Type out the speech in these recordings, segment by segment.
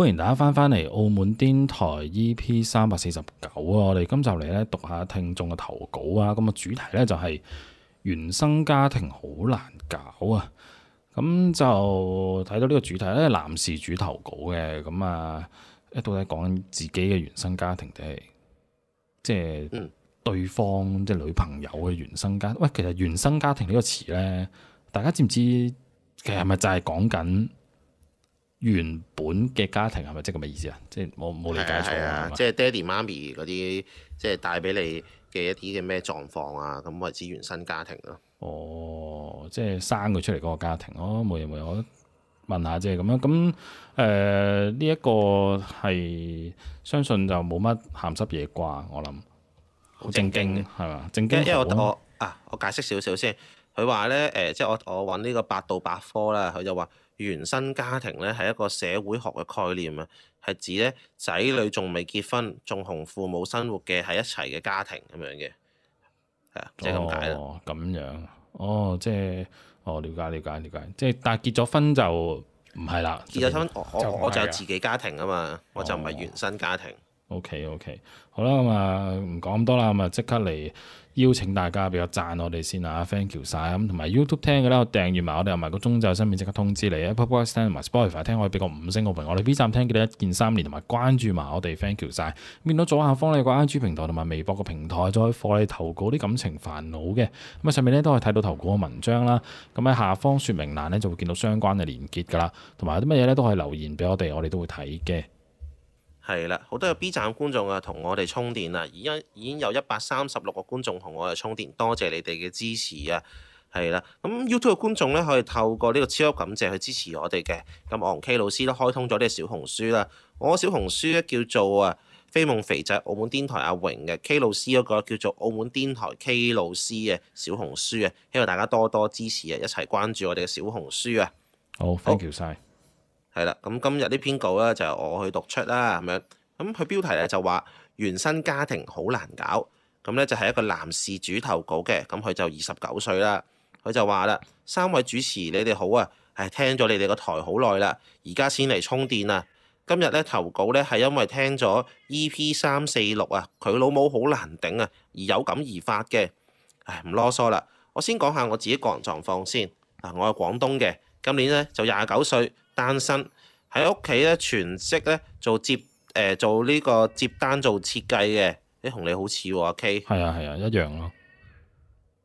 歡迎大家翻返嚟《澳門癲台 EP 三百四十九》啊！我哋今集嚟咧讀下聽眾嘅投稿啊！咁、這、嘅、個、主題咧就係、是、原生家庭好難搞啊！咁就睇到呢個主題咧，男士主投稿嘅咁啊，一到底講緊自己嘅原生家庭定係即係對方即係、就是、女朋友嘅原生家？喂，其實原生家庭個詞呢個詞咧，大家知唔知其實係咪就係講緊？原本嘅家庭係咪即係咁嘅意思啊？即係我冇理解錯啊的即係爹哋媽咪嗰啲，即係帶俾你嘅一啲嘅咩狀況啊？咁為之原生家庭咯、哦。哦，即係生佢出嚟嗰個家庭咯，冇嘢冇嘢，我問下即係咁樣。咁誒呢一個係相信就冇乜鹹濕嘢啩？我諗好正經係嘛？正經、啊，因為我，我，我啊，我解釋少少先。佢話咧誒，即係我我揾呢個百度百科啦，佢就話。原生家庭咧係一個社會學嘅概念啊，係指咧仔女仲未結婚，仲同父母生活嘅喺一齊嘅家庭咁樣嘅，係啊，即係咁解咯。哦，咁樣，哦，即係，哦，了解，了解，了解。即係，但係結咗婚就唔係啦。結咗婚，我就有自己家庭啊嘛，我就唔係原生家庭。哦。O K O K，好啦咁啊，唔講咁多啦，咁啊即刻嚟邀請大家俾個讚我哋先啊，Thank you 晒！咁同埋 YouTube 聽嘅咧，訂閱埋我哋同埋個鐘就喺上面即刻通知你啊 Yeah.，Podcast 同埋 Spotify 聽可以俾個五星好評，我哋 B 站聽記得一鍵三連同埋關注埋我哋，Thank you 晒！見到左下方呢有個 I G 平台同埋微博個平台，再可以你投稿啲感情煩惱嘅，咁啊上面呢都可以睇到投稿嘅文章啦。咁喺下方説明欄呢就會見到相關嘅連結噶啦，同埋有啲乜嘢呢都可以留言俾我哋，我哋都會睇嘅。係啦，好多嘅 B 站觀眾啊，同我哋充電啦，而家已經有一百三十六個觀眾同我哋充電，多謝你哋嘅支持啊！係啦，咁 YouTube 嘅觀眾咧，可以透過呢個超級感謝去支持我哋嘅。咁我同 K 老師都開通咗呢個小紅書啦，我小紅書咧叫做啊飛夢肥仔澳門癲台阿榮嘅 K 老師嗰個叫做澳門癲台 K 老師嘅小紅書啊，希望大家多多支持啊，一齊關注我哋嘅小紅書啊！好，oh，thank you 晒。係啦，咁、嗯、今日呢篇稿咧就我去讀出啦，咁樣咁佢、嗯、標題咧就話原生家庭好難搞，咁咧就係一個男事主投稿嘅，咁佢就二十九歲啦。佢就話啦：三位主持，你哋好啊！唉，聽咗你哋個台好耐啦，而家先嚟充電啊。今日咧投稿咧係因為聽咗 E.P. 三四六啊，佢老母好難頂啊，而有感而發嘅。唉，唔囉嗦啦，我先講下我自己個人狀況先。嗱、啊，我係廣東嘅，今年咧就廿九歲。單身喺屋企咧，全職咧做接誒、呃、做呢個接單做設計嘅，誒同你好似喎，K。係啊，係啊，一樣咯。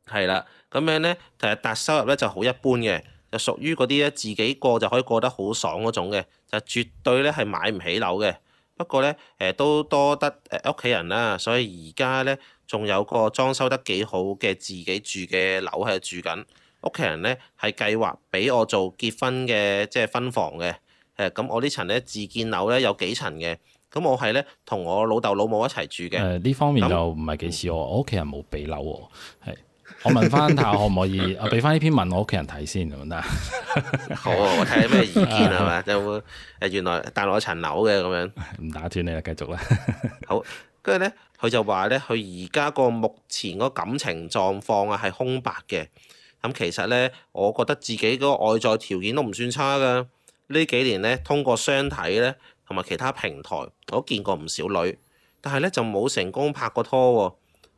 係啦，咁樣咧其實達收入咧就好一般嘅，就屬於嗰啲咧自己過就可以過得好爽嗰種嘅，就絕對咧係買唔起樓嘅。不過咧誒、呃、都多得誒屋企人啦，所以而家咧仲有個裝修得幾好嘅自己住嘅樓喺度住緊。屋企人咧係計劃俾我做結婚嘅，即係婚房嘅。誒咁，我呢層咧自建樓咧有幾層嘅。咁我係咧同我老豆老母一齊住嘅。誒呢方面就唔係幾似我，我屋企人冇俾樓喎。係，我問翻下 可唔可以，我俾翻呢篇文我屋企人睇先，得唔得？ 好，我睇下咩意見啊嘛，就誒 原來帶落一層樓嘅咁樣。唔打斷你啊，繼續啦。 好，跟住咧，佢就話咧，佢而家個目前嗰感情狀況啊係空白嘅。咁其實咧，我覺得自己嗰個外在條件都唔算差㗎。呢幾年咧，通過相睇咧，同埋其他平台，我見過唔少女，但係咧就冇成功拍過拖喎。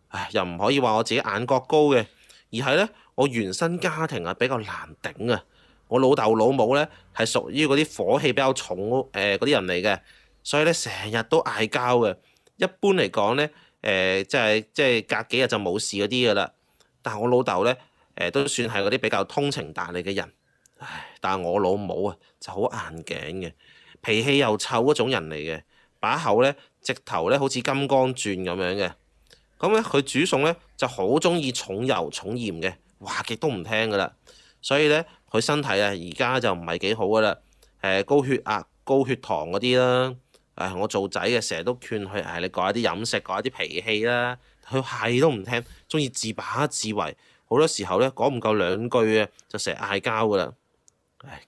唉，又唔可以話我自己眼角高嘅，而係咧我原生家庭啊比較難頂啊。我老豆老母咧係屬於嗰啲火氣比較重，嗰、呃、啲人嚟嘅，所以咧成日都嗌交嘅。一般嚟講咧，誒即係即係隔幾日就冇事嗰啲噶啦。但係我老豆咧，誒都算係嗰啲比較通情達理嘅人，唉，但係我老母啊，就好硬頸嘅，脾氣又臭嗰種人嚟嘅，把口咧直頭咧好似金剛鑽咁樣嘅。咁咧佢煮餸咧就好中意重油重鹽嘅，話極都唔聽噶啦。所以咧佢身體啊而家就唔係幾好噶啦。誒、呃、高血壓、高血糖嗰啲啦，誒我做仔嘅成日都勸佢，誒、哎、你講一啲飲食，講一啲脾氣啦，佢係都唔聽，中意自把自為。好多時候咧講唔夠兩句啊，就成日嗌交噶啦。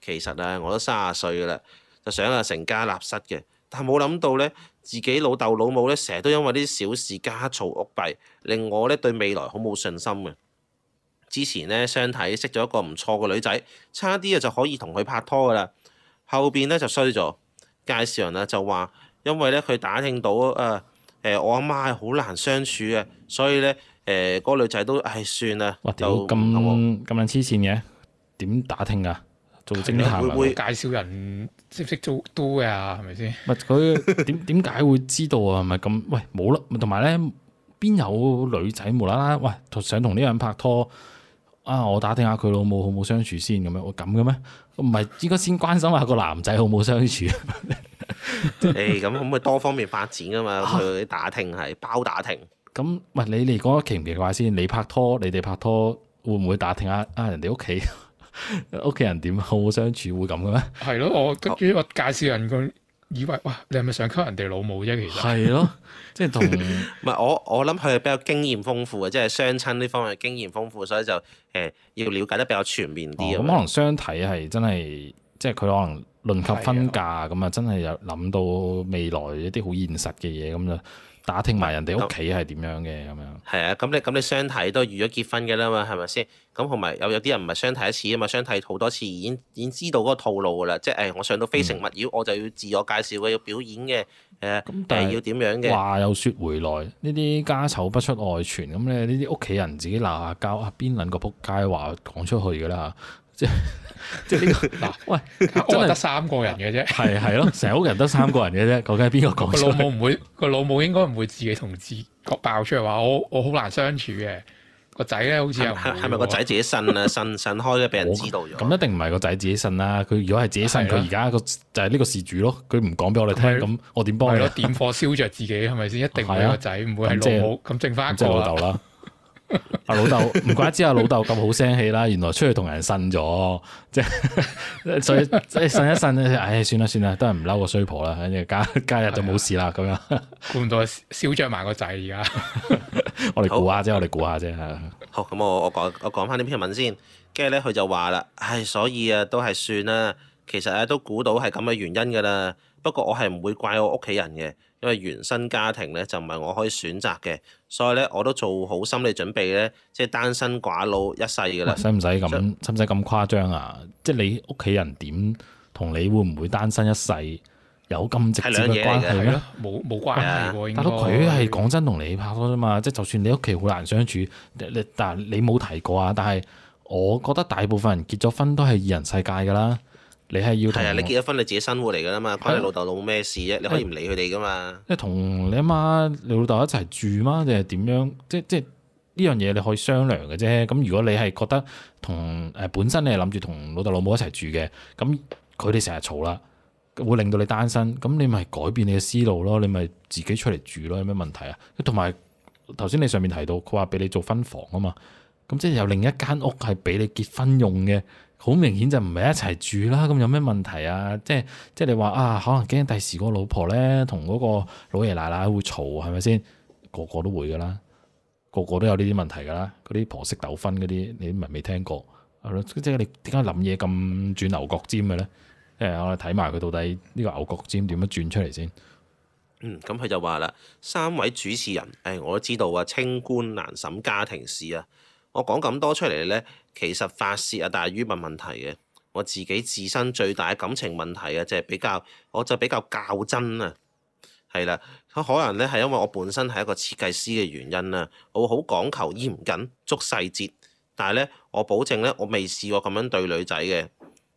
其實啊，我都三十歲噶啦，就想啊成家立室嘅，但係冇諗到咧，自己老豆老母咧成日都因為呢啲小事家嘈屋閉，令我咧對未來好冇信心嘅。之前咧相睇識咗一個唔錯嘅女仔，差啲啊就可以同佢拍拖噶啦，後邊咧就衰咗，介紹人啊就話，因為咧佢打聽到誒誒、呃、我阿媽係好難相處嘅，所以咧。誒，個女仔都算，唉，算啦。哇，屌，咁咁樣黐線嘅，點打聽噶？做正行會，嗎會介紹人識唔識做都嘅，係咪先？唔係佢點點解會知道啊？唔係咁，喂，冇啦。同埋咧，邊有女仔無啦啦，喂，想同呢個人拍拖啊？我打聽下佢老母好冇相處先，咁樣，我咁嘅咩？唔係應該先關心下個男仔好冇相處 、哎？誒，咁咁咪多方面發展噶、啊、嘛？佢打聽係包打聽。 咁唔係你嚟講奇唔奇怪先？你拍拖，你哋拍拖會唔會打聽下啊人哋屋企屋企人點，好好相處？會咁嘅咩？係咯，我跟住我介紹人佢，以為,以為哇，你係咪想溝人哋老母啫？其實係咯，即係同唔係我我諗佢係比較經驗豐富嘅，即係相親呢方面經驗豐富，所以就誒、嗯、要了解得比較全面啲。咁、哦、可能相睇係真係，即係佢可能論及婚嫁咁啊，的嗯、真係有諗到未來一啲好現實嘅嘢咁樣。打聽埋人哋屋企係點樣嘅咁樣，係啊，咁你咁你相睇都預咗結婚嘅啦嘛，係咪先？咁同埋有有啲人唔係相睇一次啊嘛，相睇好多次已經、已經知道嗰個套路噶啦，即係我上到非誠勿擾，嗯、我就要自我介紹嘅，要表演嘅，誒、啊，係是要點樣嘅？話又說回來，呢啲家醜不出外傳，咁咧呢啲屋企人自己鬧下交啊，邊撚個撲街話講出去噶啦。 即即、這、呢個嗱喂，得三個人嘅啫，係係咯，成屋人得三個人嘅啫，究竟邊個講？個 老母唔會，個老母應該唔會自己同自己，爆出嚟話我我好難相處嘅個仔咧，好似係，係咪個仔自己信啊信信開咗俾人知道咗？咁一定唔係個仔自己信啦，佢如果係自己信，佢而家個就係呢個事主咯，佢唔講俾我哋聽，咁他我點幫？係咯，點火燒着自己係咪先？一定係個仔，唔 的 會係老母。咁剩翻一個啦。 阿、 啊、老豆唔怪之、啊、阿老豆咁好聲氣啦，原來出去同人呻咗，即、就、係、是、 所以即係呻一呻，咧，唉，算啦算啦，都係唔嬲個衰婆啦，跟住加加入就冇事啦，咁樣估唔到囂張埋個仔，而家 我哋估下啫，我哋估下啫，係好咁我我講我講翻啲篇文先，跟住咧佢就話啦，唉、哎，所以啊都係算啦，其實啊都估到係咁嘅原因噶啦，不過我係唔會怪我屋企人嘅。因為原生家庭咧就唔係我可以選擇嘅，所以咧我都做好心理準備咧，即係單身寡佬一世噶啦。使唔使咁？使唔使咁誇張啊？即係你屋企人，點同你會唔會單身一世有咁直接嘅關係？冇冇關係喎。Yeah, 但係都佢係講真同你拍拖啫嘛。即係的就算你屋企好難相處，但你冇提過啊。但係我覺得大部分人結咗婚都係二人世界噶啦。你係要睇下你結咗婚，你自己生活嚟噶啦嘛，關你老豆老母咩事啫？你可以唔理佢哋噶嘛。即係同你阿媽、你老豆一齊住嗎？定係點樣？即即呢樣嘢你可以商量嘅啫。咁如果你係覺得同誒、呃、本身你係諗住同老豆老母一齊住嘅，咁佢哋成日嘈啦，會令到你單身。咁你咪改變你嘅思路咯，你咪自己出嚟住咯，有咩問題啊？同埋頭先你上面提到，佢話俾你做婚房啊嘛，咁即係有另一間屋係俾你結婚用嘅。好明顯就唔係一齊住啦，咁有咩問題啊？即係即係你話啊，可能驚第時個老婆咧同嗰個老爺奶奶會嘈，係咪先？個個都會噶啦，個個都有呢啲問題噶啦，嗰啲婆媳糾紛嗰啲，你唔係未聽過係咯？即係你點解諗嘢咁轉牛角尖嘅咧？誒，我哋睇埋佢到底呢個牛角尖點樣轉出嚟先？嗯，咁佢就話啦，三位主持人，誒，我知道啊，清官難審家庭事啊。我講咁多出嚟呢，其實發泄啊，大於問問題嘅。我自己自身最大嘅感情問題啊，就係、是、比較，我就比較較真啊，係啦。可能咧係因為我本身係一個設計師嘅原因啦、啊，我好講求嚴謹、捉細節。但係咧，我保證咧，我未試過咁樣對女仔嘅。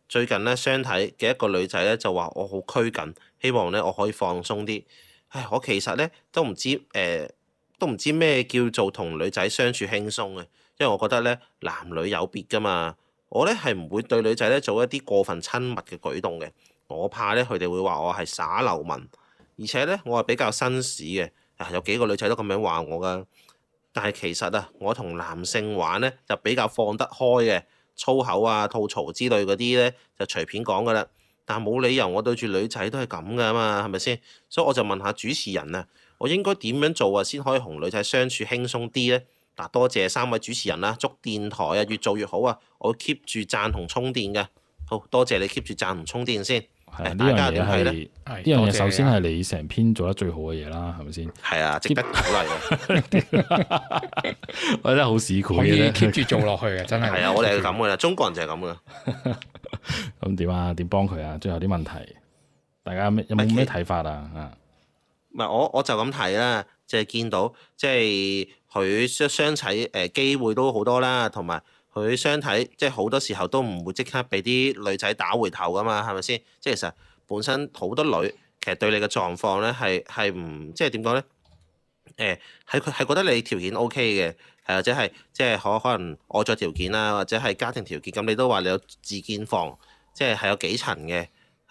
最近咧，相睇嘅一個女仔咧就話我好拘謹，希望咧我可以放鬆啲。唉，我其實咧都唔知誒，都唔知咩、呃、叫做同女仔相處輕鬆嘅。因為我覺得咧男女有別噶嘛，我咧係唔會對女仔咧做一啲過分親密嘅舉動嘅，我怕咧佢哋會話我係耍流氓，而且咧我係比較紳士嘅，啊有幾個女仔都咁樣話我噶，但係其實啊我同男性玩咧就比較放得開嘅，粗口啊、吐槽之類嗰啲咧就隨便講噶啦，但係冇理由我對住女仔都係咁噶嘛，係咪先？所以我就問下主持人啊，我應該點樣做啊先可以同女仔相處輕鬆啲咧？嗱，多謝三位主持人啦，祝電台啊越做越好啊！我 keep 住贊同充電嘅，好多謝你 keep 住贊同充電先。係、啊，大家又係呢樣嘢，多謝 首先係你成篇做得最好嘅嘢啦，係咪先？係啊，值得鼓勵，我覺得好市儈，keep 住做落去嘅，真係。係 啊，我哋係咁噶啦，中國人就係咁噶啦。咁 點 啊？點幫佢啊？最後啲問題，大家有冇咩睇法啊？唔係我我就咁睇啦，就係見到即係。佢相相睇誒機會都好多啦，同埋佢相睇，即係好多時候都唔會即刻俾啲女仔打回頭噶嘛，係咪先？即係其實本身好多女其實對你嘅狀況咧，係係唔，即係點講咧？誒，係佢係覺得你條件 OK 嘅，或者係即係可可能外在條件啦，或者係家庭條件咁，你都話你有自建房，即係係有幾層嘅，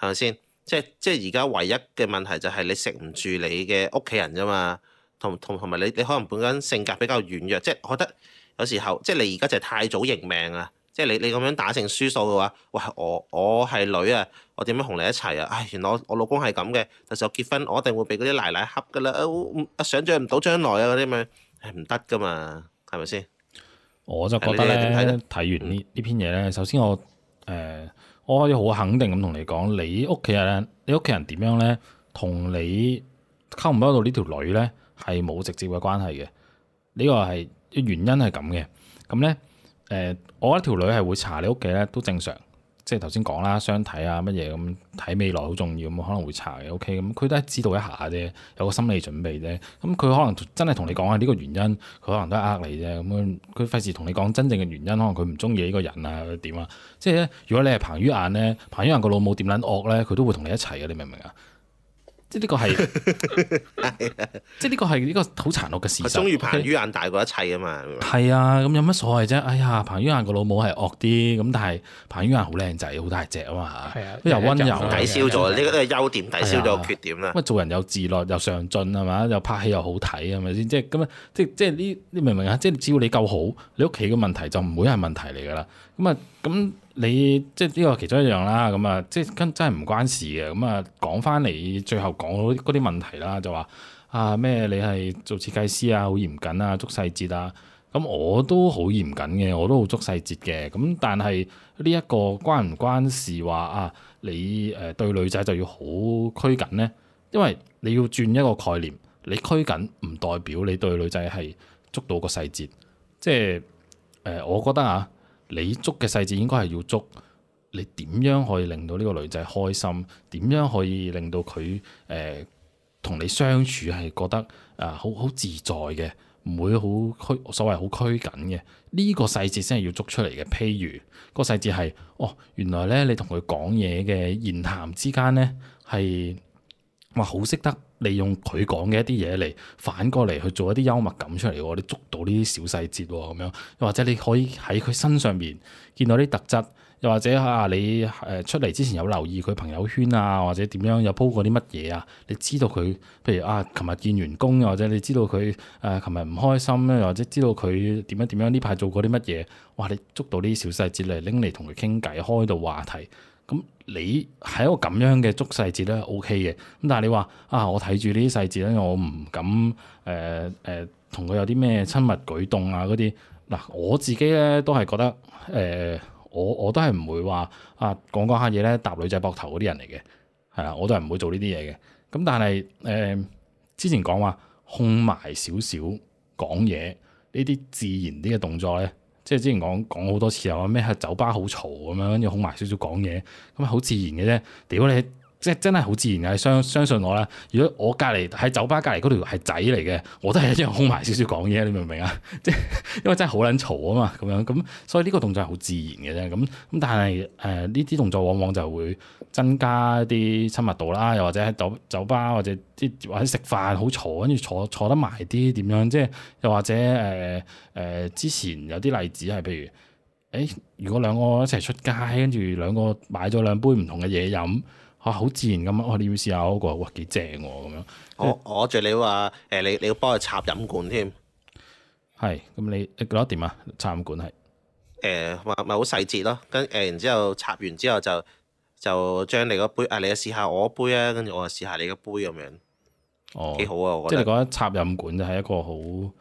係咪先？即係即係而家唯一嘅問題就係你食唔住你嘅屋企人啫嘛。同同同埋你你可能本身性格比較軟弱，即係我覺得有時候即係你而家就係太早認命啊！即係你你咁樣打成輸數嘅話，喂，我我係女啊，我點樣同你一齊啊？唉、哎，原來我我老公係咁嘅，到時候我結婚我一定會俾嗰啲奶奶恰噶啦，想像唔到將來啊嗰啲咁樣，係唔得噶嘛，係咪先？我就覺得咧，睇完呢呢篇嘢咧，首先我誒、呃、我可以好肯定咁同你講，你屋企人咧，你屋企人點樣咧，同你溝唔溝到呢條女咧，係冇直接嘅關係嘅。呢、這個係原因係咁嘅。咁、嗯、咧，誒、呃，我一條女係會查你屋企咧，都正常。即係頭先講啦，相睇啊，乜嘢咁睇未來好重要，咁、嗯、可能會查嘅。OK，咁佢都係知道一下啫，有個心理準備啫。咁、嗯、佢可能真係同你講下呢個原因，佢可能都係呃你啫。咁佢費事同你講真正嘅原因，可能佢唔中意呢個人啊，點啊？即係咧，如果你係彭于晏咧，彭于晏個老母點撚惡咧，佢都會同你一齊嘅。你明唔明啊？即呢 architectural 個係，即呢個係呢個好殘酷嘅事實。中意彭于晏大過一切啊嘛！係、欸、啊，咁有乜所謂啫？哎呀，彭于晏個老母係惡啲，咁但係彭于晏好靚仔、好大隻啊嘛！係啊，又溫柔，抵消咗呢個都係優點，抵消咗個缺點啦。咁啊，做人又自律，啊、又上進係嘛？又拍戲又好睇係咪先？即係咁啊！即係即係呢？你明唔明啊？即只要你夠好，你屋企嘅問題就唔會係問題嚟噶啦。咁啊，咁、嗯、你即係呢個其中一樣啦。咁、嗯、啊，即係跟真係唔關事嘅。咁、嗯、啊，講返你最後講嗰啲問題啦，就話啊咩，你係做設計師啊，好嚴謹啊，捉細節啊。咁我都好嚴謹嘅，我都好捉細節嘅。咁、嗯、但係呢一個關唔關事話啊？你誒、呃、對女仔就要好拘謹咧？因為你要轉一個概念，你拘謹唔代表你對女仔係捉到個細節。即係誒、呃，我覺得啊。你捉嘅細節應該係要捉你點樣可以令到呢個女仔開心，點樣可以令到佢誒同你相處係覺得啊好好自在嘅，唔會好所謂好拘謹嘅，呢個細節先係要捉出嚟嘅。譬如個細節係哦，原來咧你同佢講嘢嘅言談之間咧係。哇！好識得利用佢講嘅一啲嘢嚟反過嚟去做一啲幽默感出嚟喎、哦，你捉到呢啲小細節喎，咁樣又或者你可以喺佢身上面見到啲特質，又或者啊你誒、呃、出嚟之前有留意佢朋友圈啊，或者點樣有 po 過啲乜嘢啊？你知道佢譬如啊，琴日見員工，又或者你知道佢誒琴日唔開心咧，又或者知道佢點樣點樣呢排做過啲乜嘢？哇！你捉到呢啲小細節嚟拎嚟同佢傾偈，開到話題。咁你係一個咁樣嘅捉細節咧 OK 嘅，咁但係你話啊，我睇住呢啲細節咧，我唔敢誒誒同佢有啲咩親密舉動啊嗰啲。嗱、呃、我自己咧都係覺得誒、呃，我我都係唔會話啊講講下嘢咧搭女仔膊頭嗰啲人嚟嘅，係啦，我都係唔會、啊、會做呢啲嘢嘅。咁但係誒、呃、之前講話控埋少少講嘢呢啲自然啲嘅動作咧。即係之前講講好多次，又話咩係酒吧好嘈咁樣，跟住好埋少少講嘢，咁啊好自然嘅啫。屌你！即係真係好自然嘅，相相信我啦。如果我隔離喺酒吧隔離嗰條係仔嚟嘅，我都係一樣空埋少少講嘢，你明唔明啊？即 係因為真係好撚嘈啊嘛，咁樣咁，所以呢個動作係好自然嘅啫。咁咁，但係誒呢啲動作往往就會增加啲親密度啦，又或者喺酒酒吧或者啲或者食飯好嘈，跟住坐坐得埋啲點樣？即係又或者誒誒、呃呃、之前有啲例子係譬如，誒、欸、如果兩個一齊出街，跟住兩個買咗兩杯唔同嘅嘢飲。嚇，好、啊、自然咁。我你要試下嗰、那個，哇幾正喎咁樣。我我住你話誒、呃，你你要幫佢插飲管添，係咁。你你覺得點啊？插飲管係誒、呃，咪好細節咯。跟誒，然之後插完之後就就將你嗰杯啊，你試下我杯啊，跟住我試下你個杯咁樣。哦，幾好啊！我覺得！即係你覺得插飲管就係一個細節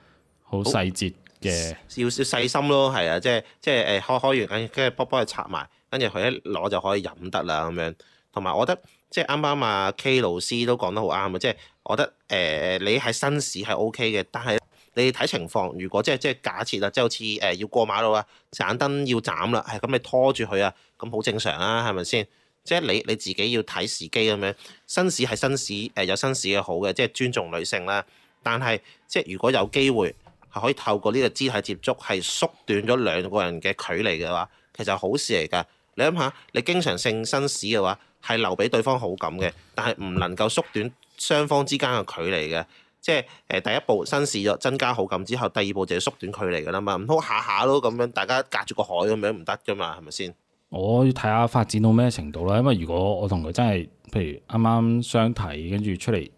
好好細節嘅，要要細心咯。係啊，即係即係誒開開完跟住幫幫佢插埋，跟住佢一攞就可以飲得啦咁樣。同埋，我覺得即係啱啱啊，K 老師都講得好啱啊！即係我覺得誒、呃，你喺紳士係 O K 嘅，但係你睇情況，如果即係即係假設啊，即係好似誒要過馬路啊，盞燈要斬啦，係咁你拖住佢啊，咁好正常啊，係咪先？即係你你自己要睇時機咁樣，紳士係紳士誒，有紳士嘅好嘅，即係尊重女性啦。但係即係如果有機會係可以透過呢個肢體接觸，係縮短咗兩個人嘅距離嘅話，其實好事嚟㗎。你諗下，你經常性紳士嘅話，係留俾對方好感嘅，但係唔能夠縮短雙方之間嘅距離嘅，即係誒第一步紳士咗增加好感之後，第二步就係縮短距離㗎啦嘛，唔通下下都咁樣大家隔住個海咁樣唔得㗎嘛？係咪先？是是我要睇下發展到咩程度啦，因為如果我同佢真係譬如啱啱相睇，跟住出嚟誒、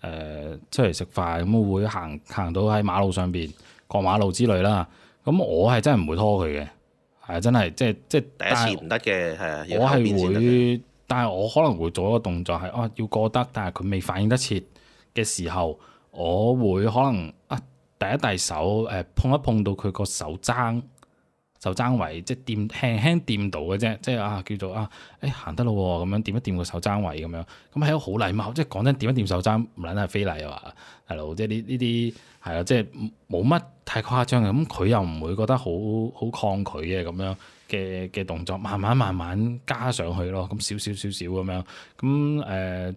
呃、出嚟食飯，咁會行行到喺馬路上邊過馬路之類啦，咁我係真係唔會拖佢嘅，係啊，真係即係即係第一次唔得嘅，係啊，我係會。但係我可能會做一個動作係，哦、啊、要過得，但係佢未反應得切嘅時候，我會可能啊第一第二手誒、啊、碰一碰到佢個手踭，手踭位即係掂輕輕掂到嘅啫，即係啊叫做啊誒、哎、行得咯咁、啊、樣掂一掂個手踭位咁樣，咁係一個好禮貌，即係講真碰碰，掂一掂手踭唔撚係非禮啊，係咯，即係呢呢啲係啊，即係冇乜太誇張嘅，咁佢又唔會覺得好好抗拒嘅咁樣。嘅嘅動作慢慢慢慢加上去咯，咁少少少少咁樣，咁誒、呃，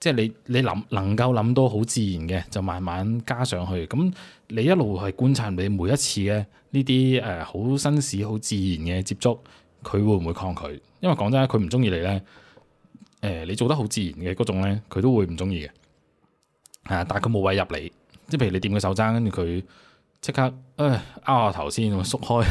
即係你你諗能夠諗到好自然嘅，就慢慢加上去。咁你一路係觀察你每一次嘅呢啲誒好紳士好自然嘅接觸，佢會唔會抗拒？因為講真，佢唔中意你咧，誒、呃、你做得好自然嘅嗰種咧，佢都會唔中意嘅。嚇、啊！但係佢冇位入嚟，即係譬如你掂佢手踭，跟住佢，即刻，哎，拗下頭先，縮開，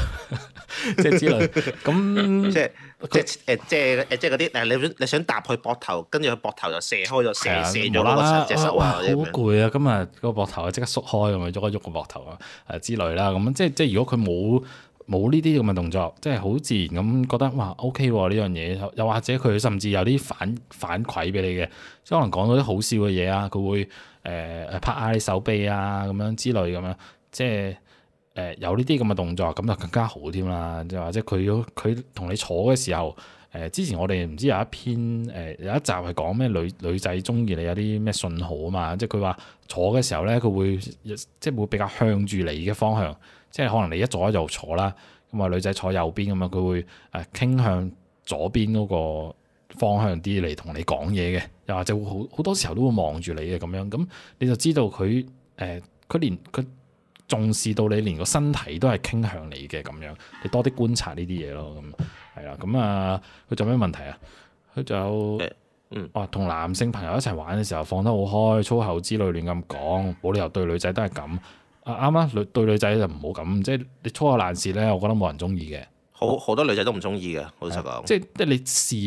即係之類。咁即係即係誒，即係誒，即係嗰啲誒，你想你想搭佢膊頭，跟住佢膊頭就射開咗，射射咗隻手啊！好攰啊，今日個膊頭啊，即刻縮開，咁咪喐一喐個膊頭啊，誒之類啦。咁即係即係，如果佢冇冇呢啲咁嘅動作，即係好自然咁覺得哇，OK 喎呢樣嘢。又、OK 啊、或者佢甚至有啲反反饋俾你嘅，即係可能講到啲好笑嘅嘢啊，佢會誒誒、呃呃、拍下你手臂啊，咁樣之類咁樣。即係誒、呃、有呢啲咁嘅動作，咁就更加好添啦。即係或者佢佢同你坐嘅時候，誒、呃、之前我哋唔知有一篇誒、呃、有一集係講咩女女仔鍾意你有啲咩信號啊嘛。即係佢話坐嘅時候咧，佢會即係會比較向住你嘅方向，即係可能你一左就坐啦，咁、呃、啊女仔坐右邊咁樣，佢會誒傾向左邊嗰個方向啲嚟同你講嘢嘅，又或者會好好多時候都會望住你嘅咁樣。咁你就知道佢誒佢連佢。重視到你連個身體都係傾向你嘅咁樣，你多啲觀察呢啲嘢咯。咁係啦，咁啊佢做咩問題啊？佢就嗯哇，同、啊、男性朋友一齊玩嘅時候放得好開，粗口之類亂咁講，冇理由對女仔都係咁啊啱啊！女、啊啊啊、對,對女仔就唔好咁，即係你粗口爛舌咧，我覺得冇人中意嘅，好好多女仔都唔中意嘅，我都成講即係即係你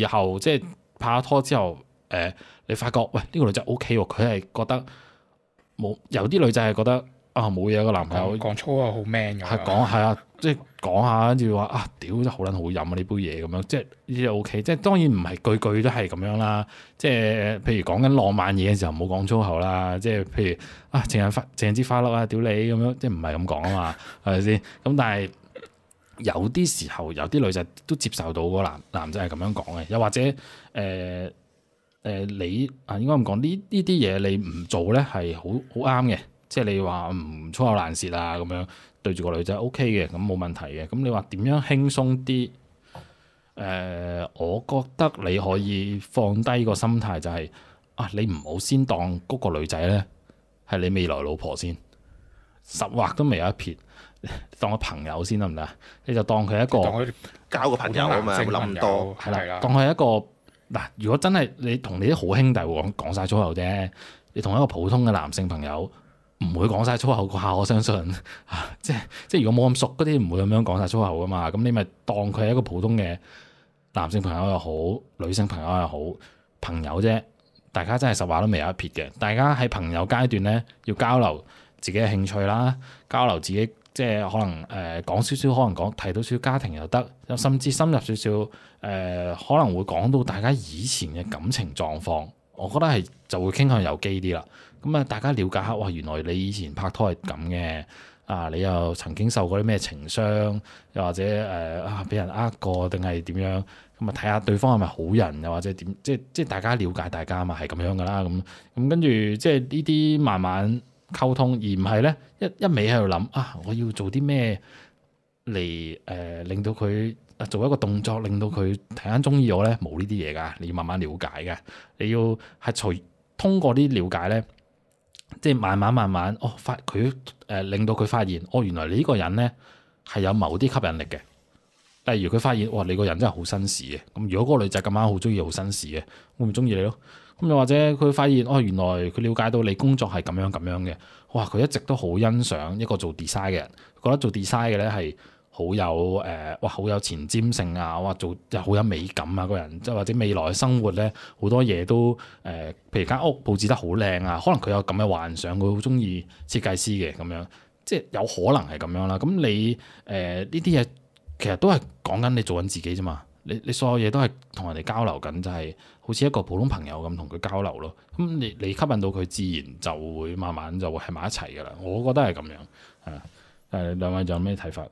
事後即係拍咗拖之後，誒、哎、你發覺喂呢、呢個女仔 O K 喎，佢係覺得冇有啲女仔係覺得。冇嘢，個男朋友講粗口好 man 㗎。係講係啊，即係講下跟住話啊，屌真好撚好飲啊！呢杯嘢咁樣，即係呢啲 OK。即係當然唔係句句都係咁樣啦。即係譬如講緊浪漫嘢嘅時候，唔好講粗口啦。即係譬如啊，正日花正枝花碌啊，屌你咁樣，即係唔係咁講啊嘛？係咪先？咁但係有啲時候，有啲女仔都接受到個男男仔係咁樣講嘅。又或者誒誒，你啊應該咁講呢？呢啲嘢你唔做咧，係好好啱嘅。即係你話唔粗口爛舌啊，咁樣對住個女仔 OK 嘅，咁冇問題嘅。咁你話點樣輕鬆啲？誒、呃，我覺得你可以放低個心態、就係，就係啊，你唔好先當嗰個女仔咧係你未來老婆先，十劃都未有一撇，當個朋友先得唔得？你就當佢一個交個朋友啊嘛，諗唔到，係啦，當佢一個嗱。如果真係你同你啲好兄弟講講晒粗口啫，你同一個普通嘅男性朋友。唔會講晒粗口啩，我相信 即係即係如果冇咁熟嗰啲，唔會咁樣講晒粗口噶嘛。咁你咪當佢係一個普通嘅男性朋友又好，女性朋友又好，朋友啫。大家真係實話都未有一撇嘅。大家喺朋友階段咧，要交流自己嘅興趣啦，交流自己即係可能誒、呃、講少少，可能講提到少少家庭又得，甚至深入少少誒，可能會講到大家以前嘅感情狀況。我覺得係就會傾向有機啲啦。咁啊，大家了解下，哇！原來你以前拍拖係咁嘅，啊，你又曾經受過啲咩情傷，又或者誒、呃、啊，俾人呃過定係點樣？咁啊，睇下對方係咪好人，又或者點？即係即係大家了解大家嘛，係咁樣噶啦，咁咁跟住即係呢啲慢慢溝通，而唔係咧一一味喺度諗啊，我要做啲咩嚟誒令到佢做一個動作，令到佢突然間中意我咧，冇呢啲嘢噶，你要慢慢了解嘅，你要係從通過啲了解咧。即係慢慢慢慢，哦，發佢誒、呃、令到佢發現，哦，原來你呢個人咧係有某啲吸引力嘅。例如佢發現，哇，你個人真係好紳士嘅。咁如果嗰個女仔咁啱好中意好紳士嘅，會唔會中意你咯？咁又或者佢發現，哦，原來佢了解到你工作係咁樣咁樣嘅，哇！佢一直都好欣賞一個做 design 嘅人，覺得做 design 嘅咧係。好有誒，哇！好有前瞻性啊，哇！做又好有美感啊，個人即係或者未來生活咧，好多嘢都誒，譬如間屋佈置得好靚啊，可能佢有咁嘅幻想，佢好中意設計師嘅咁樣，即係有可能係咁樣啦。咁你誒呢啲嘢其實都係講緊你做緊自己啫嘛。你你所有嘢都係同人哋交流緊，就係好似一個普通朋友咁同佢交流咯。咁你你吸引到佢，自然就會慢慢就會喺埋一齊噶啦。我覺得係咁樣啊。誒，兩位仲有咩睇法？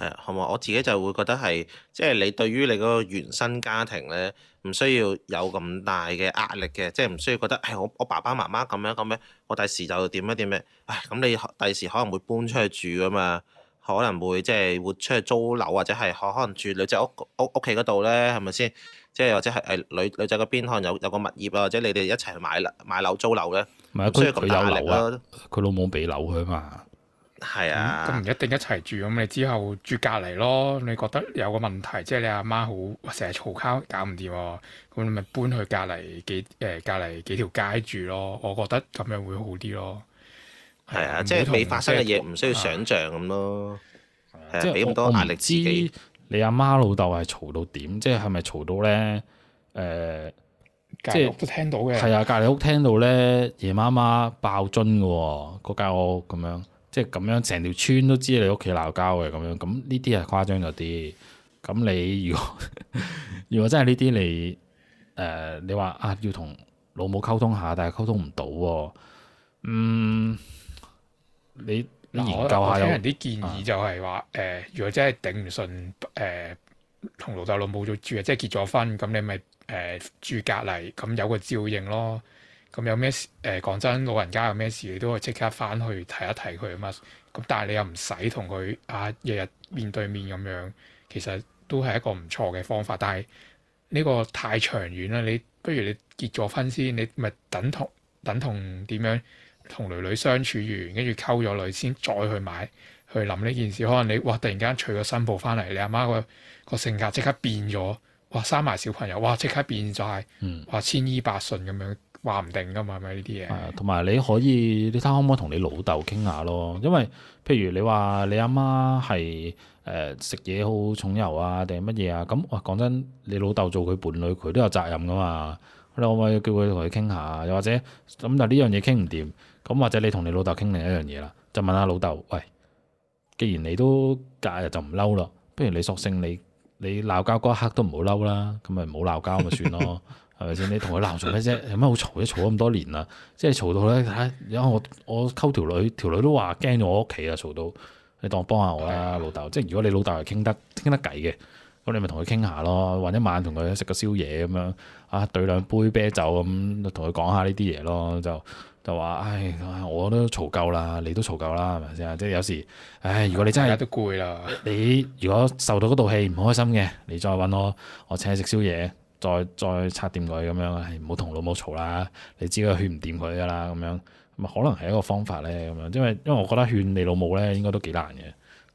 係啊，係咪？我自己就會覺得係，即係你對於你嗰個原生家庭咧，唔需要有咁大嘅壓力嘅，即係唔需要覺得係我我爸爸媽媽咁樣咁樣，我第時就點樣點樣，唉，咁你第時可能會搬出去住噶嘛，可能會即係會出去租樓或者係可能住女仔屋屋屋企嗰度咧，係咪先？即係或者係誒女女仔嗰邊可能有有個物業啊，或者你哋一齊買啦買樓租樓咧。唔係啊，佢佢有樓啊，佢老母俾樓佢啊嘛。係啊，咁唔、嗯、一定一齊住，咁、嗯、你之後住隔籬咯。你覺得有個問題，即係你阿媽好成日嘈交，搞唔掂，咁、嗯、你咪搬去、呃、隔籬幾誒隔籬幾條街住咯。我覺得咁樣會好啲咯。係啊，即係是未發生嘅嘢，唔需要想象咁咯。即係俾咁多壓力自己知你阿媽。你阿媽老豆係嘈到點？即係係咪嘈到咧？誒、就是，即係屋都聽到嘅。係啊，隔籬屋聽到咧，夜媽媽爆樽嘅，嗰間屋咁樣。即係咁樣，成條村都知你屋企鬧交嘅咁樣，咁呢啲係誇張咗啲。咁你如果如果真係呢啲你誒，你話，呃、啊，要同老母溝通下，但係溝通唔到喎。嗯，你你研究下有人啲建議就係話，誒，如果真係頂唔順，誒，同，呃、老豆老母就住啊，即係結咗婚咁，你咪誒，呃、住隔離，咁有個照應咯。咁有咩事？誒、呃，講真，老人家有咩事，你都可以即刻翻去睇一睇佢啊嘛。咁但係你又唔使同佢啊，日日面對面咁樣，其實都係一個唔錯嘅方法。但係呢個太長遠啦。你不如你結咗婚先，你咪等同等同點樣同女女相處完，跟住溝咗女先再去買去諗呢件事。可能你哇，突然間娶個新抱翻嚟，你阿媽個個性格即刻變咗哇，生埋小朋友哇，即刻變曬哇千依百順咁樣。話唔定噶嘛，係咪呢啲嘢？係啊，同埋你可以，你睇可唔可以同你老豆傾下咯？因為譬如你話你阿媽係誒食嘢好重油啊，定係乜嘢啊？咁喂，講真，你老豆做佢伴侶，佢都有責任噶嘛？你可唔可以叫佢同佢傾下？又或者咁，但呢樣嘢傾唔掂，咁或者你同你老豆傾另一樣嘢啦，就問下老豆，喂，既然你都隔日就唔嬲咯，不如你索性你你鬧交嗰一刻都唔好嬲啦，咁咪唔好鬧交咪算咯。 係咪先？你同佢鬧做咩啫？有乜好嘈啫？嘈咗咁多年啦，即係嘈到咧，睇，我我溝條女，條女都話驚咗我屋企啊！嘈到，你當我幫下我啦，老豆。即係如果你老豆係傾得傾得偈嘅，咁你咪同佢傾下咯，或者晚同佢食個宵夜咁樣，啊，對兩杯啤酒咁，同佢講下呢啲嘢咯，就就話，唉，我都嘈夠啦，你都嘈夠啦，係咪先？即係有時，唉，如果你真係都攰啦，你如果受到嗰度氣唔開心嘅，你再搵我，我請你食宵夜。再再拆掂佢咁樣，係唔好同老母嘈啦。你知佢勸唔掂佢噶啦，咁樣咁可能係一個方法咧。咁樣，因為因為我覺得勸你老母咧，應該都幾難嘅，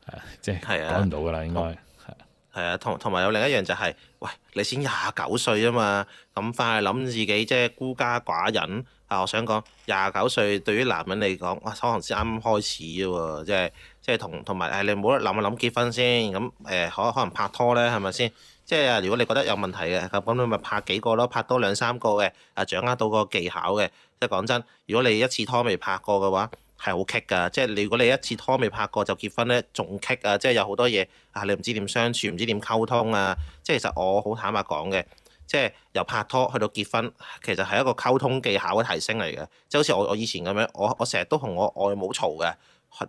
係即係講唔到噶啦，應該係啊。啊，同同埋有另一樣就係、是，喂，你先廿九歲啊嘛，咁快去諗自己即係孤家寡人。啊，我想講廿九歲對於男人嚟講，哇、啊，可能先啱啱開始啫喎，即係即係同同埋誒，你冇得諗啊，諗結婚先咁誒，可、啊、可能拍拖咧，係咪先？即係啊！如果你覺得有問題嘅，咁你咪拍幾個咯，拍多兩三個嘅啊，掌握到個技巧嘅。即係講真，如果你一次拖未拍過嘅話，係好棘㗎。即係如果你一次拖未拍過就結婚咧，仲棘啊！即係有好多嘢啊，你唔知點相處，唔知點溝通啊！即係其實我好坦白講嘅，即係由拍拖去到結婚，其實係一個溝通技巧嘅提升嚟嘅。即係好似我我以前咁樣，我我成日都同我外母嘈嘅。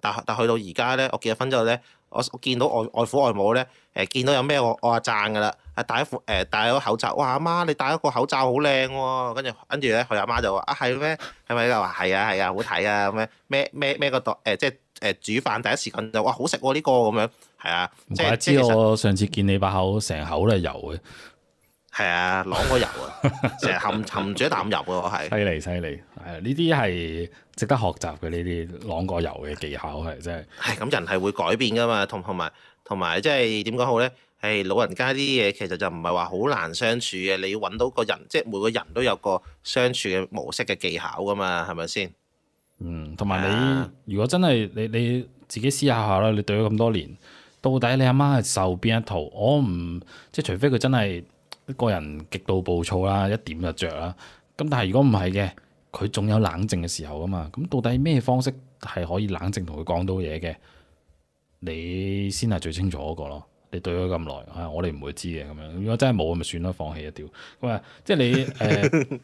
但但去到而家咧，我結咗婚之後咧，我我見到外外父外母咧，誒、呃、見到有咩我我話讚㗎喇，戴一副誒戴咗口罩，哇阿媽你戴咗個口罩好靚喎，跟住跟住咧佢阿媽就話啊係咩？係咪就話係啊係啊好睇啊咁樣。咩？咩？孭個袋誒、呃、即係誒煮飯第一時間就哇好食喎呢個咁樣，係啊難怪 即係知道。我上次見你把口成口都係油嘅。係啊，啷過油啊，成日含冚住一啖油，係犀利犀利。係啊，呢啲係值得學習嘅呢啲啷過油嘅技巧，係真係。係咁，哎，人係會改變噶嘛，同同埋同埋，即係點講好咧？誒，老人家啲嘢其實就唔係話好難相處嘅，你要揾到個人，即係每個人都有個相處嘅模式嘅技巧噶嘛，係咪先？嗯，同埋你，啊、如果真係你你自己思考下啦，你對咗咁多年，到底你阿媽係受邊一套？我唔即係除非佢真係。個人極度暴躁啦，一點就着啦。咁但係如果唔係嘅，佢仲有冷靜嘅時候啊嘛。咁到底咩方式係可以冷靜同佢講到嘢嘅？你先係最清楚嗰、那個咯。你對咗咁耐啊，我哋唔會知嘅咁樣。如果真係冇，咪算咯，放棄一掉咁啊。即係你誒，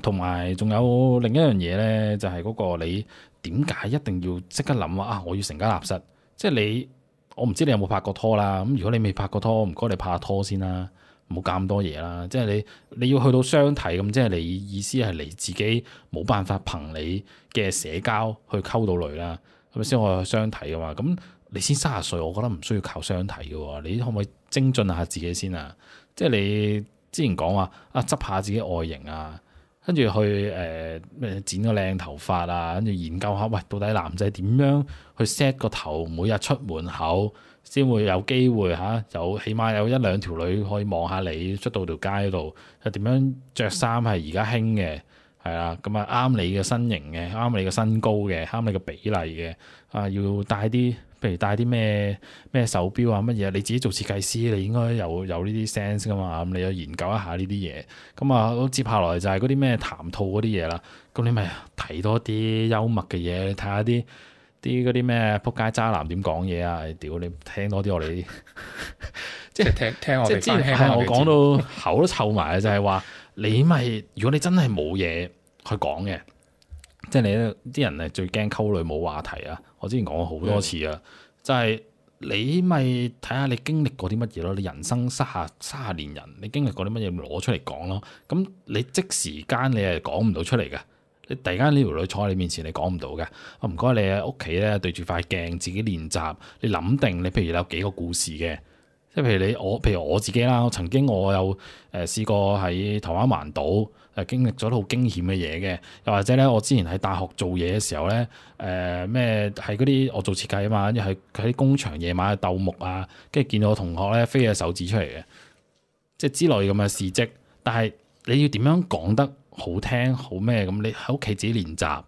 同埋仲有另一樣嘢咧，就係、是、嗰個你點解一定要即刻諗啊？我要成家立室。即係你我唔知你有冇拍過拖啦。咁如果你未拍過拖，唔該你拍下拖先啦。冇咁多嘢啦，即係你你要去到相睇咁，即係你意思係你自己冇辦法憑你嘅社交去溝到女啦，係咪先？我去相睇㗎嘛，咁你先三十歲，我覺得唔需要靠相睇嘅喎，你可唔可以精進下自己先啊？即係你之前講話啊，執下自己外形啊，跟住去誒咩、呃、剪個靚頭髮啊，跟住研究下，喂，到底男仔點樣去 set 個頭，每日出門口？先會有機會嚇，有起碼有一兩條女可以望下你。出到條街度，又點樣著衫係而家興嘅，係啦，咁啊啱你嘅身形嘅，啱你嘅身高嘅，啱你嘅比例嘅，要戴戴啊要戴啲，譬如戴啲咩咩手錶啊乜嘢，你自己做設計師，你應該有有呢啲 sense 噶嘛，咁、嗯、你要研究一下呢啲嘢，咁、嗯、啊接下來就係嗰啲咩談吐嗰啲嘢啦，咁你咪睇多啲幽默嘅嘢，睇下啲。啲嗰啲咩仆街渣男點講嘢啊！屌你聽多啲我哋， 即係 即聽聽我 之前係我講到口都臭埋 就係話你咪，如果你真係冇嘢去講嘅，即係你呢啲人係最驚溝女冇話題啊！我之前講過好多次啊，的就係你咪睇下你經歷過啲乜嘢咯，你人生，三十三十年人，你經歷過啲乜嘢攞出嚟講咯，咁你即時間你係講唔到出嚟嘅。你突然間呢條女坐喺你面前，你講唔到嘅。我唔該你喺屋企咧，對住塊鏡自己練習。你諗定你譬如你有幾個故事嘅，即係譬如你我，譬如我自己啦。我曾經我有誒試過喺台灣環島，誒經歷咗好驚險嘅嘢嘅。又或者咧，我之前喺大學做嘢嘅時候咧，誒咩係嗰啲我做設計啊嘛，即係喺工場夜晚鬥木啊，跟住見到同學咧飛咗手指出嚟嘅，即係之類咁嘅事蹟。但係你要點樣講得？好聽好咩咁？你喺屋企自己練習，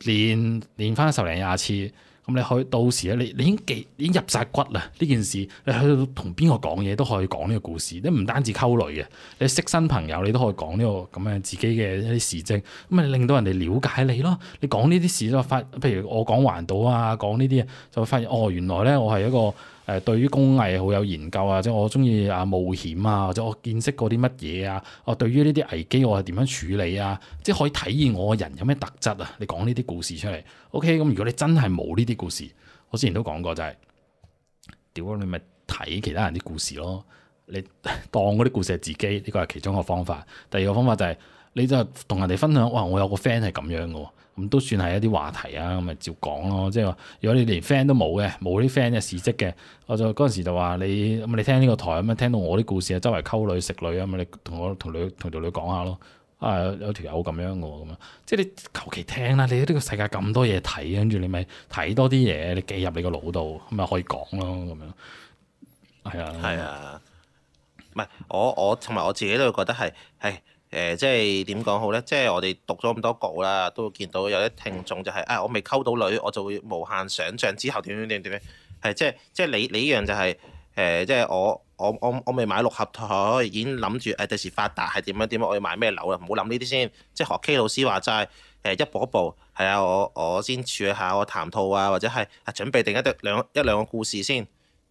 練練翻十零廿次，咁你可以到時咧，你你已經記，已經入晒骨啦。呢件事，你去到同邊個講嘢都可以講呢個故事，你唔單止溝女嘅，你識新朋友你都可以講呢個咁樣自己嘅一啲事跡，咁咪令到人哋了解你咯。你講呢啲事都發，譬如我講環島啊，講呢啲啊，就會發現哦，原來咧我係一個。誒對於工藝好有研究啊，或者我中意啊冒險啊，或者我見識過啲乜嘢啊，對於我對於呢啲危機我係點樣處理啊？即係可以體現我個人有咩特質啊？你講呢啲故事出嚟，OK？咁如果你真係冇呢啲故事，我之前都講過就係、是，屌你咪睇其他人啲故事咯，你當嗰啲故事係自己，呢個係其中一個方法。第二個方法就係、是。你就同人哋分享哇！我有個 friend 係咁樣嘅，咁都算係一啲話題啊，咁咪照講咯。即係話，如果你連 friend 都冇嘅，冇啲 friend 嘅事跡嘅，我就嗰陣時就話你咁你聽呢個台咁啊，聽到我啲故事啊，周圍溝女食女啊，咁你同我同女同條女講下咯。啊，有條友咁樣嘅，咁啊，即係你求其聽啦。你喺呢個世界咁多嘢睇，跟住你咪睇多啲嘢，你記入你個腦度，咁咪可以講咯，咁樣。係啊，係啊，唔係我我同埋我自己都會覺得係係。誒即係點講好咧？即係我哋讀咗咁多稿啦，都會見到有啲聽眾就係、是、啊、哎，我未溝到女，我就會無限想像之後點點點點樣，係即係即係你你呢樣就係、是、誒、呃、即係我我我我未買六合彩，已經諗住誒第時發達係點樣點樣，我要買咩樓啦？唔好諗呢啲先，即係學 K 老師話齋誒一步一步係啊，我我先處理下我談吐啊，或者係準備定一兩一兩個故事先。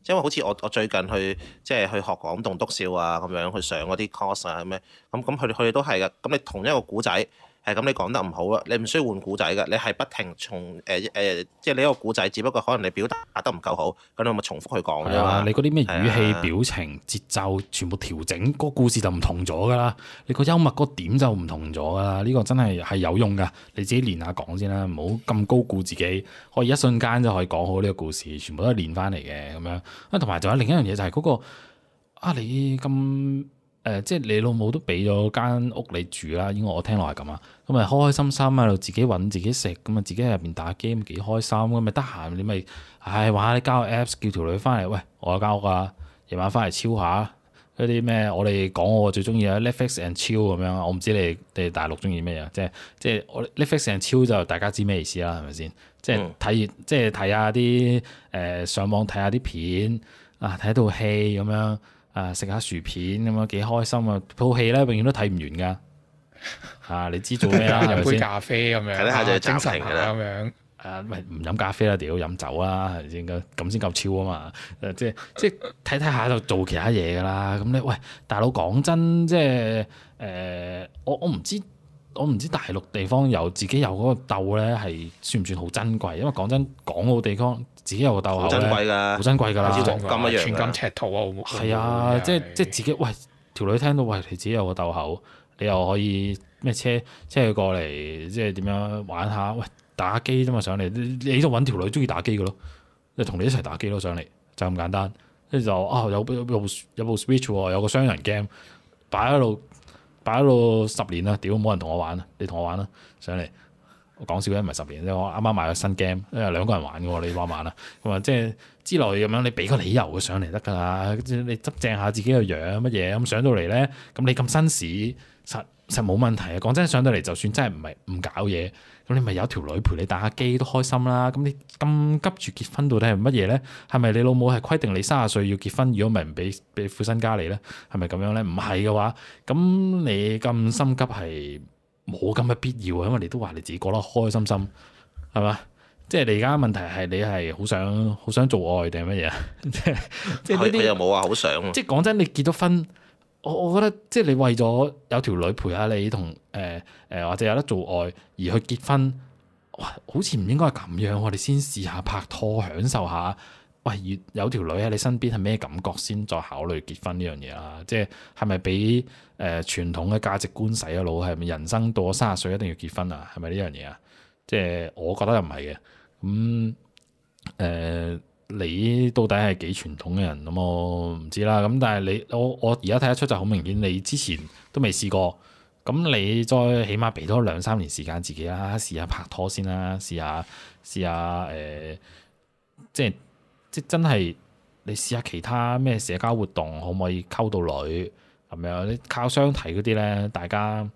因為好似我我最近去即係、就是、去學廣東棟篤笑啊，咁樣去上嗰啲 course 啊，咁樣咁咁佢哋佢哋都係嘅。咁你同一個古仔。係咁，你講得唔好啊！你唔需要換古仔嘅，你係不停從誒誒、呃呃，即係你一個古仔，只不過可能你表達得唔夠好，咁你咪重複去講、啊、你嗰啲咩語氣、表情、節奏，全部調整，啊、個故事就唔同咗㗎啦。你個幽默個點就唔同咗㗎啦。呢、呢個真係係有用嘅，你自己練下講先啦，唔好咁高估自己，可以一瞬間就可以講好呢個故事，全部都係練翻嚟嘅咁樣，還有還有還有、嗰個。啊，同埋仲有另一樣嘢就係嗰個啊，你咁。誒，即係你老母都俾咗間屋你住啦，應該我聽落係咁啊。咁咪開開心心喺度自己揾自己食，咁啊自己喺入邊打 game 幾開心咁，咪得閒你咪，唉、哎、話你交 apps 叫條女翻嚟，喂我有間屋啊，夜晚翻嚟超下，嗰啲咩我哋講我最中意啊 Netflix and chill 咁樣。我唔知你哋大陸中意咩嘢，即係即係我 Netflix and chill 就大家知咩意思啦，係咪先？即係睇，嗯、即係睇下啲誒、呃、上網睇下啲片啊，睇套戲咁樣。啊！食下薯片咁樣，幾開心啊！套戲咧永遠都睇唔完㗎，嚇、啊、你知做咩啦？飲 杯咖啡咁樣，係、啊、精神啦，咁、啊、樣。啊，喂！唔飲咖啡啦，屌飲酒啊，係咪咁先夠超啊嘛！即係即係睇睇下就做其他嘢㗎啦。咁你喂大佬講真，即係誒、呃、我我唔知。我唔知大陸地方有自己有嗰個竇咧，係算唔算好珍貴？因為講真，港澳地方自己有個竇口，好珍貴㗎，好珍貴㗎啦，似黃金一樣，寸金尺土啊！好冇？係啊，即係即係自己喂條女聽到喂，你自己有個竇口，你又可以咩車車佢過嚟，即係點樣玩下？喂，打機啫嘛，上嚟你都揾條女中意打機嘅咯，就同你一齊打機咯，上嚟就咁簡單。跟住就啊，有部有部 Switch，有個雙人 game 擺喺度。擺喺度十年啦，屌冇人同我玩啊！你同我玩啦，上嚟。我講笑，啲唔係十年，你我啱啱買個新 game，因為兩個人玩嘅喎，你玩玩啊？咁啊， 即係之類咁樣，你俾個理由佢上嚟得㗎啦。你執正下自己個樣乜嘢咁上到嚟咧，咁你咁紳士實實冇問題啊！講真上，上到嚟就算真係唔係唔搞嘢。咁你咪有條女陪你打下機都開心啦！咁你咁急住結婚到底係乜嘢呢？係咪你老母係規定你三十歲要結婚？如果唔係唔俾俾父身家你呢？係咪咁樣呢？唔係嘅話，咁你咁心急係冇咁嘅必要，因為你都話你自己過得開心心，係嘛？即係你而家問題係你係好想好想做愛定係乜嘢？ 即係呢啲又冇話好想，即係講真，你結咗婚。我我覺得即係你為咗有條女陪下你同誒誒或者有得做愛而去結婚，哇！好似唔應該係咁樣啊。我哋先試下拍拖，享受下。喂、呃，有條女喺你身邊係咩感覺？先再考慮結婚呢樣嘢啦。即係係咪俾誒傳統嘅價值觀洗咗啊、腦？係咪人生到咗三十歲一定要結婚啊？係咪呢樣嘢啊？即係我覺得又唔係嘅。咁、嗯、誒。呃.你到底係幾傳統嘅人，咁我唔知啦，咁但係你我我而家睇得出就好明顯，你之前都未試過，咁你再起碼俾多兩三年時間自己啦，試下拍拖先啦，試下試下誒、呃，即係即真係你試下其他咩社交活動可唔可以溝到女咁樣？你靠相睇嗰啲咧，大家。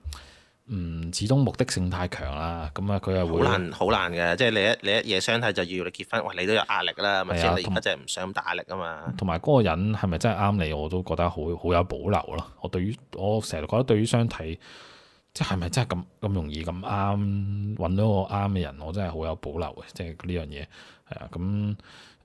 嗯，始終目的性太強啦，咁啊佢啊會好難好難嘅，即係你一你一夜相睇就要你結婚，哇、哎、你都有壓力啦，或者的你而家就係唔想咁大壓力噶嘛。同埋嗰個人係咪真係啱你，我都覺得好好有保留咯。我對於我成日覺得對於相睇，即係咪真係咁咁容易咁啱揾到個啱嘅人，我真係好有保留嘅，即係呢樣嘢係啊，咁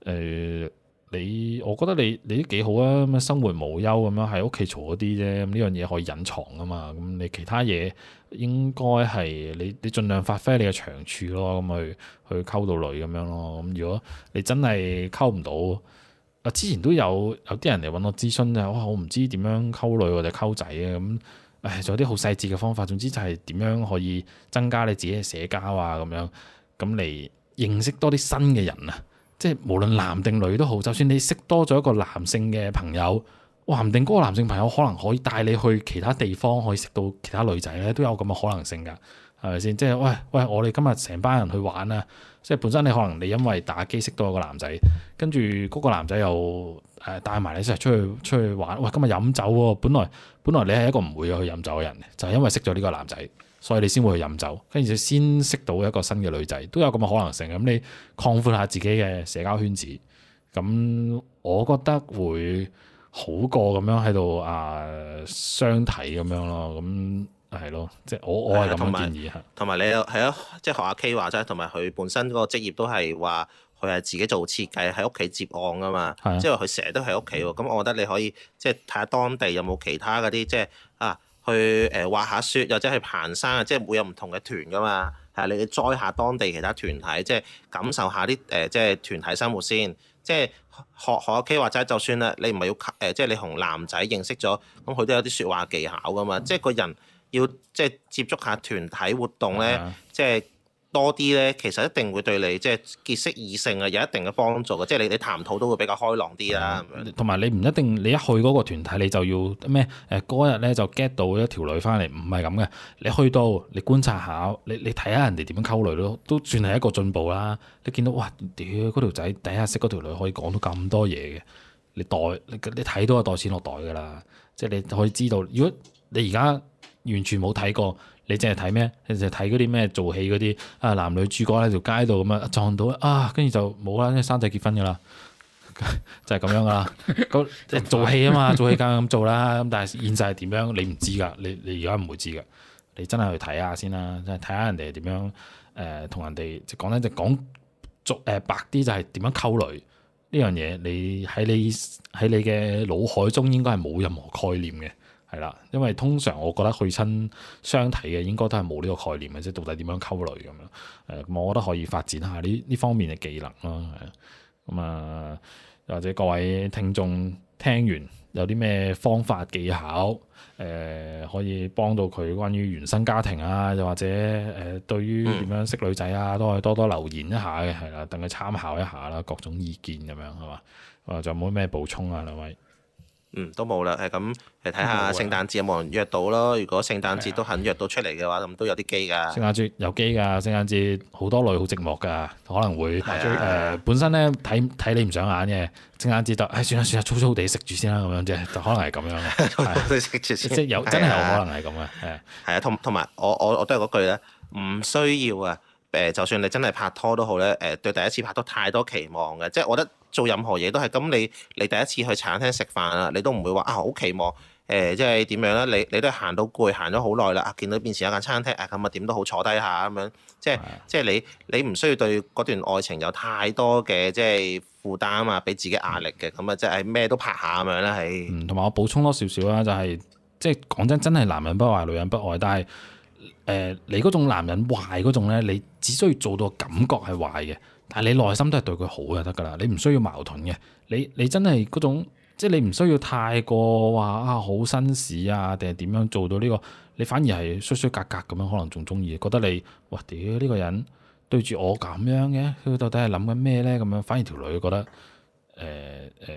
誒。你，我覺得你你都幾好啊，咁生活無憂咁樣，喺屋企嘈啲啫，咁呢樣嘢可以隱藏啊嘛。咁你其他嘢應該係你你盡量發揮你嘅長處咯，咁去去溝到女咁樣咯。咁如果你真係溝唔到，啊之前都有有啲人嚟揾我諮詢啊，哇我唔知點樣溝女或者溝仔啊，咁唉仲有啲好細緻嘅方法，總之就係點樣可以增加你自己嘅社交啊咁樣，咁嚟認識多啲新嘅人啊。即係無論男定女都好，就算你識多咗一個男性嘅朋友，話唔定嗰個男性朋友可能可以帶你去其他地方，可以識到其他女仔咧，都有咁嘅可能性㗎，係咪先？即係喂喂，我哋今日成班人去玩啦，即係本身你可能你因為打機識多一個男仔，跟住嗰個男仔又誒帶埋你一齊出去出去玩，喂今日飲酒喎、啊，本來本來你係一個唔會去飲酒嘅人，就係、是、因為識咗呢個男仔。所以你先會去飲酒，跟住先識到一個新嘅女仔，都有咁嘅可能性嘅。咁你擴寬擴闊下自己嘅社交圈子，咁我覺得會好過咁樣喺度啊相睇咁樣咯。咁係咯，即係我我係咁建議同埋的你又係咯，即係學阿 K 話齋。同埋佢本身嗰個職業都係話佢係自己做設計喺屋企接案㗎嘛。即係佢成日都喺屋企喎。咁我覺得你可以即係睇下當地有冇其他嗰啲即係啊。去誒滑、呃、下雪，又或者去行山啊！即係會有唔同嘅團噶嘛，係你去載下當地其他團體，即係感受下啲誒、呃，即係團體生活先。即係學學下規劃，或者就算啦。你唔係要誒、呃，即係你同男仔認識咗，咁佢都有啲説話技巧噶嘛。嗯、即係個人要即係接觸下團體活動咧，嗯、即係。多啲呢，其實一定會對你即係結識異性啊，有一定嘅幫助嘅。即係你哋談吐都會比較開朗啲啦。同埋、嗯、你唔一定你一去嗰個團體，你就要咩？誒嗰日呢就 get 到一條女翻嚟，唔係咁嘅。你去到你觀察下，你你睇下人哋點樣溝女咯，都算係一個進步啦。你見到哇，屌嗰、啊、條仔第一下識嗰條女可以講到咁多嘢嘅，你、你、你袋你睇到就袋錢落袋㗎啦。即係你可以知道，如果你而家完全冇睇過。你淨係睇咩？你淨係睇嗰啲咩做戲嗰啲啊？男女主角喺條街度咁啊，撞到啊，跟住就冇啦，啲生仔結婚噶啦， 就係咁樣噶啦。咁 做戲啊嘛，做戲梗係咁做啦。咁但係現實係點樣？你唔知噶，你你而家唔會知噶。你真係去睇下先啦，真係睇下人哋係點樣誒，同、呃、人哋即係講咧，就講俗誒白啲，就係點樣溝女呢樣嘢？你喺你喺你嘅腦海中應該係冇任何概念嘅。係啦，因為通常我覺得去親相睇嘅應該都係冇呢個概念嘅，即係到底點樣溝女咁樣。誒、呃，咁我覺得可以發展下呢呢方面嘅技能咯。係咁啊，或者各位聽眾聽完有啲咩方法技巧，誒、呃，可以幫到佢關於原生家庭啊，又或者誒、呃，對於點樣識女仔啊，都可以多多留言一下嘅，係、啊、啦，等佢參考一下啦，各種意見咁樣係嘛。誒，就冇咩補充啊，兩位。嗯，都冇啦，係咁，係睇下聖誕節有冇人約到咯。如果聖誕節都肯約到出嚟嘅話，咁都有啲機噶。聖誕節有機噶，聖誕節好多女好寂寞噶，可能會誒，本身咧，睇睇你唔上眼嘅，聖誕節就誒，算啦算啦，粗粗地食住先啦咁樣啫，就可能係咁樣啦。食住先，即係有真係有可能係咁嘅，係啊，係啊，同同埋我我我都係嗰句咧，唔需要啊。誒，就算你真係拍拖都好咧，誒，對第一次拍拖太多期望嘅，即係我覺得做任何嘢都係咁。你你第一次去餐廳食飯啦，你都唔會話啊好期望，誒、呃，即係點樣啦？你你都行到攰，行咗好耐啦，啊，見到面前有一間餐廳，啊咁啊點都好坐低下咁樣，即係的即係你你唔需要對嗰段愛情有太多嘅即係負擔啊，俾自己壓力嘅，咁啊即係咩都拍下咁樣啦，係。同埋、嗯、我補充多少少啦，就係、就係、即係講真，真係男人不壞，女人不愛，但係。誒、呃，你嗰種男人壞嗰種咧，你只需要做到感覺係壞嘅，但係你內心都係對佢好就得噶啦，你唔需要矛盾嘅。你你真係嗰種，即係你唔需要太過話啊好紳士啊，定係點樣做到呢個？你反而係衰衰格格咁樣，可能仲中意，覺得你哇屌呢個人對住我咁樣嘅，佢到底係諗緊咩咧？咁樣反而條女覺得誒誒。呃呃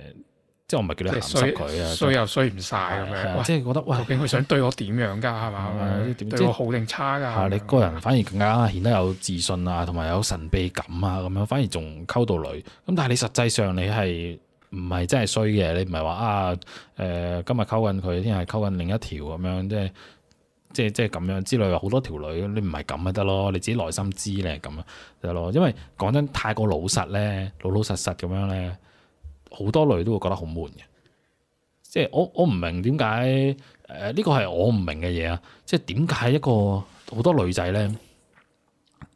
即係我唔係叫你鹹濕佢啊，衰又衰唔晒咁樣。係啊、即係覺得，究竟佢想對我點樣㗎？係嘛、嗯？係咪對我好定差㗎？你個人反而更加顯得有自信啊，同埋有，有神秘感啊，咁樣反而仲溝到女。咁但係你實際上你係唔係真係衰嘅？你唔係話啊誒、呃，今日溝緊佢，聽日溝緊另一條咁樣，即係即係即係咁樣之類，好多條女，你唔係咁咪得咯？你自己內心知咧咁啊得咯。因為講真，太過老實咧，老老實實咁樣咧。好多女都會覺得好悶嘅，即係我我唔明點解，誒呢個係我唔明嘅嘢啊！即係點解一個好多女仔咧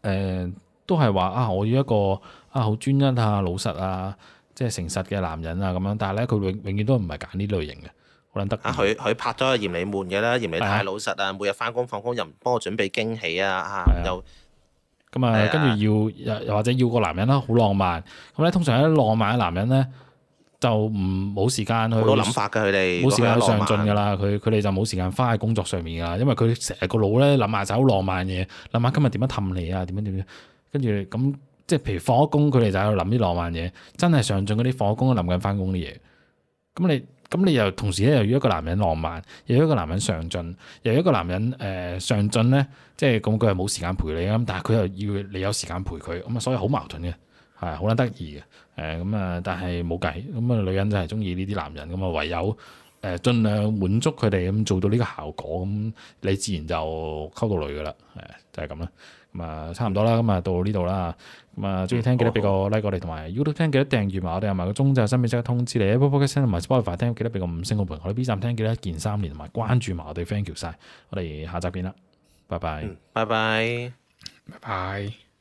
誒都係話啊，我要一個啊好專一啊、老實啊、即係誠實嘅男人啊咁樣，但係咧佢永永遠都唔係揀呢類型嘅，好難得啊！佢佢拍咗嫌你悶嘅啦，嫌你太老實啊，每日翻工放工又唔幫我準備驚喜啊嚇，又咁啊，跟住要又又或者要個男人啦，好浪漫咁咧。通常喺浪漫嘅男人咧。就唔冇時間去嗰諗法㗎，佢哋冇時間去上進㗎啦。佢佢哋就冇時間花喺工作上面㗎啦。因為佢成個腦咧諗下就好浪漫嘢，諗下今日點樣氹你啊，點樣點樣。跟住咁即係譬如放咗工，佢哋就喺度諗啲浪漫嘢。真係上進嗰啲放咗工都諗緊翻工啲嘢。咁你咁你又同時咧又要一個男人浪漫，又要一個男人上進，又一個男人誒、呃、上進咧，即係咁佢係冇時間陪你咁，但係佢又要你有時間陪佢咁啊，所以好矛盾嘅。係好啦，得意嘅，誒咁啊，但係冇計，咁啊女人就係中意呢啲男人噶嘛，唯有誒盡量滿足佢哋咁做到呢個效果，咁、嗯、你自然就溝到女噶啦，係、嗯、就係咁啦，咁、嗯、啊差唔多啦，咁啊到呢度啦。咁啊中意聽記得俾個 like 我哋，同埋 YouTube 聽記得訂閱埋我哋，同埋個鐘就新片先通知你，Apple Podcast 同埋 Spotify 聽記得俾個五星好評，我哋 B 站聽記得一鍵三連，同埋關注埋我哋 Thank you 晒，我哋下集見啦，拜拜，拜拜、嗯，拜拜。 拜拜。